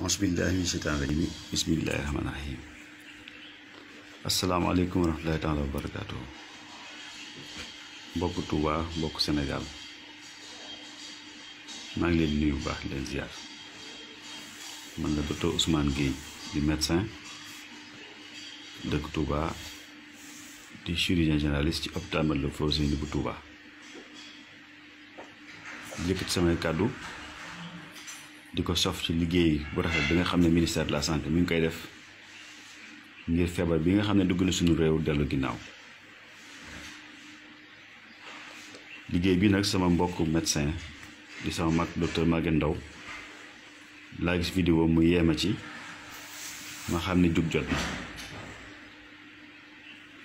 ausbillahi min shaytaan rajim bismillahi rahmaani barakaatu mbokk Touba mbokk senegaal maa ngi leen nuyu bu baax leen ziar man la docteur Ousmane Gueye di médecin dëkk Touba di chirurgien généraliste ci hôpital Matlaboul Fawzeyni bu Touba yëkkati samay kàddu di ko sof ci liggéey bu rafet bi nga xam ne ministère de la santé mu ngi koy def ngir feebar bi nga xam ne dugg na suñu réew dellu ginnaaw liggéey bi nag sama mbokk médecin di sama mag docteur Maguette Ndao laa gis vidéo mu yeema ci ma xam ne jug jot na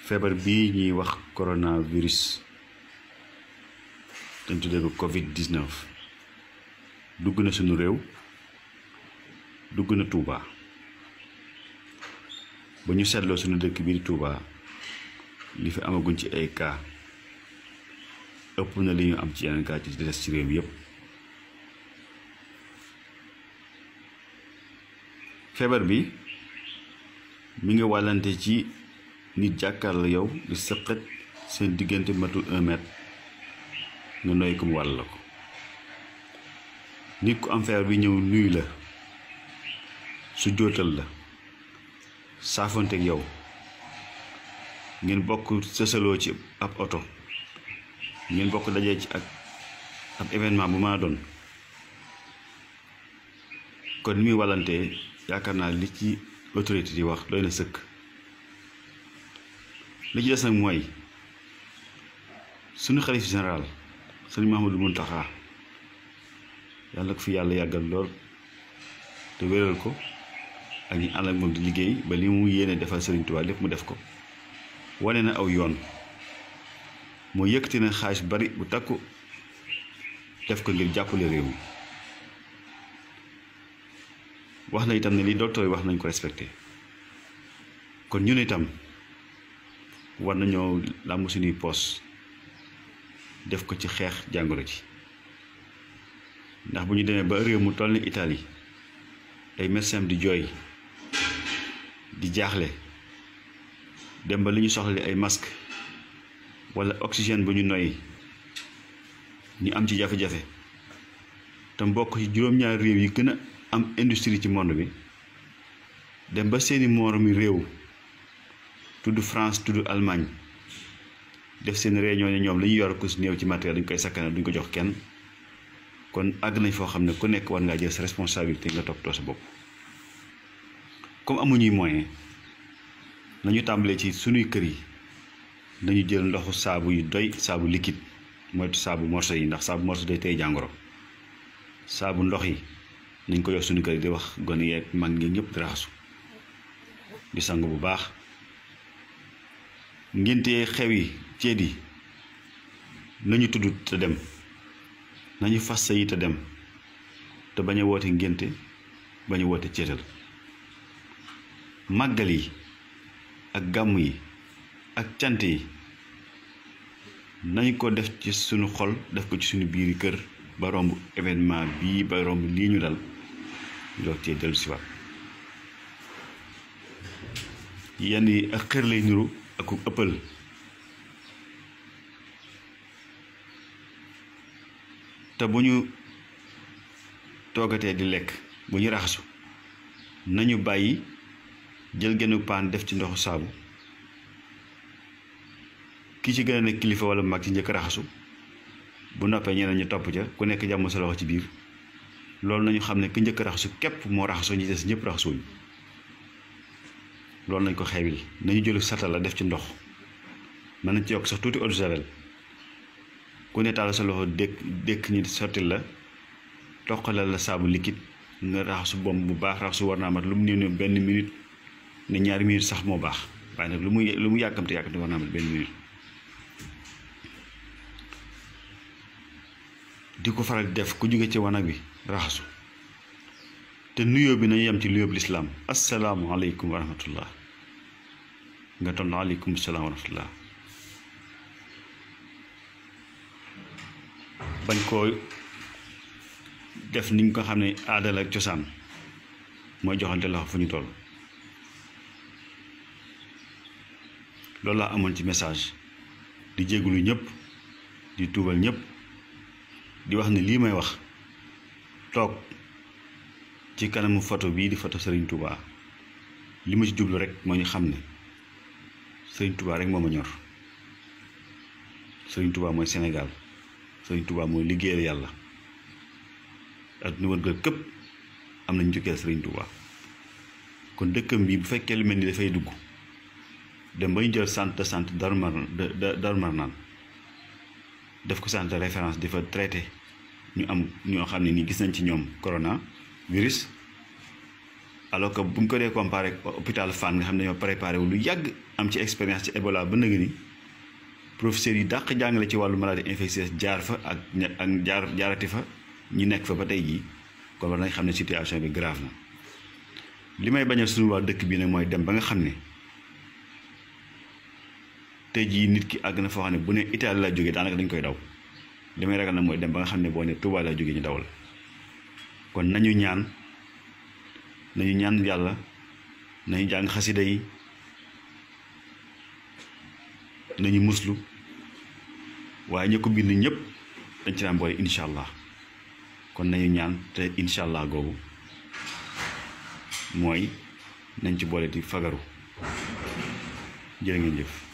feebar bi ñuy wax coronavirus dañ tuddee ko covid 19 dugg na suñu réew dugg na tuuba ba ñu seetloo sunu dëkk biir tuuba li fi amaguñ ci ay cas ëpp na li ñu am ci yeneen cas ci des réew yépp feebar bi mi ngi wàllante ci nit jàkkaarloo yow di sëqët seen diggante matul un mètre nga noy ko mu wàll la ko nit ku am feebar bi ñëw nuyu la su jóotal la saafonteeg yow ngeen bokk sësaloo ci ab oto ngeen bokk dajee ci ak ab événement bu mën doon kon ni muy wàllantee yaakaar naa li ci autorité di wax doy na sëkk li ci des nag mooy suñu xalif général sëriñ Mahamadou Muntaxa yàlla ko fi yàlla yàggal lool te wéral ko ak ñu ànd ak di liggéey ba li mu yéene defal Serigne Touba lépp mu def ko wane na aw yoon moo yëkkati na xaalis bari bu takku def ko ngir jàppale réew mi wax na itam ne li docteur yi wax nañ ko respecté kon ñun itam war nañoo làmb suñuy poos def ko ci xeex jàngalo ci ndax bu ñu demee ba réew mu toll ni Italie ay médecins di jooy di jaxlé dem ba liñu soxlé ay masque wala oxygène bu ñu noyyi ñu am ci jafé jafé té mbokk ci juroom ñaar réew yi gëna am industrie ci monde bi dem ba seeni mi réew tuddu France tuddu Allemagne def seen réunion ni ñoom lañu yor ku ci neew ci matériel dañ koy sakana duñ ko jox kenn kon ag nañ foo xam ne ku nekk war ngaa jël responsabilité nga toppatoo sa bopp comme amuñuy moyen nañu tàmbalee ci sunuy kër yi dañu jël ndoxu saabu yu doy saabu liquide moytu saabu morso yi ndax saabu morso day tey jàngoro saabu ndox yi nañ ko jox suñu kër yi di wax gone yeeg mag ngi ñëpp di raxasu di sangu bu baax ngénte xew yi ceet yi nañu tudd te dem nañu fas sa yi te dem te bañ a woote ngénte bañ a woote ceetal magali, ak gàmm yi ak cant yi nañ ko def ci sunu xol def ko ci sunu biiri kër ba romb événement bii ba romb lii ñu dal ñu doog cee dellu siwaat yenn yi ak xër lay niru ak ëppal te bu ñu di lekk bu ñu nañu bàyyi jël gennu paan def ci ndoxu saabu ki ci gën a nekk kilifa walla mag ci njëkk raxasu bu noppee ñeneen ñu topp ca ku nekk jàmm sa loxo ci biir loolu nañu xam ne ki njëkk raxasu képp moo raxasu ñi des ñëpp raxasuñu loolu nañ ko xewil nañu jëlu sata la def ci ndox mën nañ ci yokk sax tuuti eau de ku ne taal sa loxo dékk dékk ñi sottil la toqalal la saabu liquide nga raxasu bomb bu baax raxasu war naa mat lu mu néew benn minute ne ñaari mur sax moo baax waaye nag lu mu lu mu war naa benn mur di ko faral def ku jóge ci wanag bi raxasu te nuyoo bi nañu yam ci nuyoo bi lislaam asalaamualeykum wa rahmatullah nga ton aleykum salaam wa rahmatullah bañ koo def ni ko xam ne ak cosaan mooy joxante loxo fu ñu Lola amon ci message di jégalu ñëpp di tuubal ñëpp di wax ni li may wax tok ci kanamu photo bi di photo Serigne Touba li ma ci djublu rek moo ñu xam Serigne Touba rek moma ñor Serigne Touba moy Sénégal Serigne Touba mooy yalla ak ñu wërgal këpp am nañ njukkeel Serigne Touba kon dekkam bi bu fekkee lu mel ni dugg de bay jël centre de centre darmar darmar naan def ko sante référence difa traité ñu am ño xamni ni gis nañ ci ñom corona virus alors que bu ko dé comparer hôpital fan nga xamni ño préparé wu lu yàgg am ci expérience ci Ebola ba neug ni professeur yi dakk jangale ci walu maladie infectieuse jaar fa ak ak jaar jaarati fa ñu nekk fa ba tey jii kon war nañ xamni situation bi grave na limay may bañal suñu wa dëkk bi nak moy dem ba nga xamni tey jii nit ki àgg na foo xam ne bu ne Italie la jógee daanaka dañ koy daw li may ragal na mooy dem ba nga xam ne boo ne Touba la jógee ñu daw la kon nañu ñaan nañu ñaan yàlla nañu jàng xasida yi nañu muslu waaye ña ko bind ñëpp dañ ci daan boole incha allah kon nañu ñaan te incha allah googu mooy nañ ci boole di fagaru jërë ngeen jëf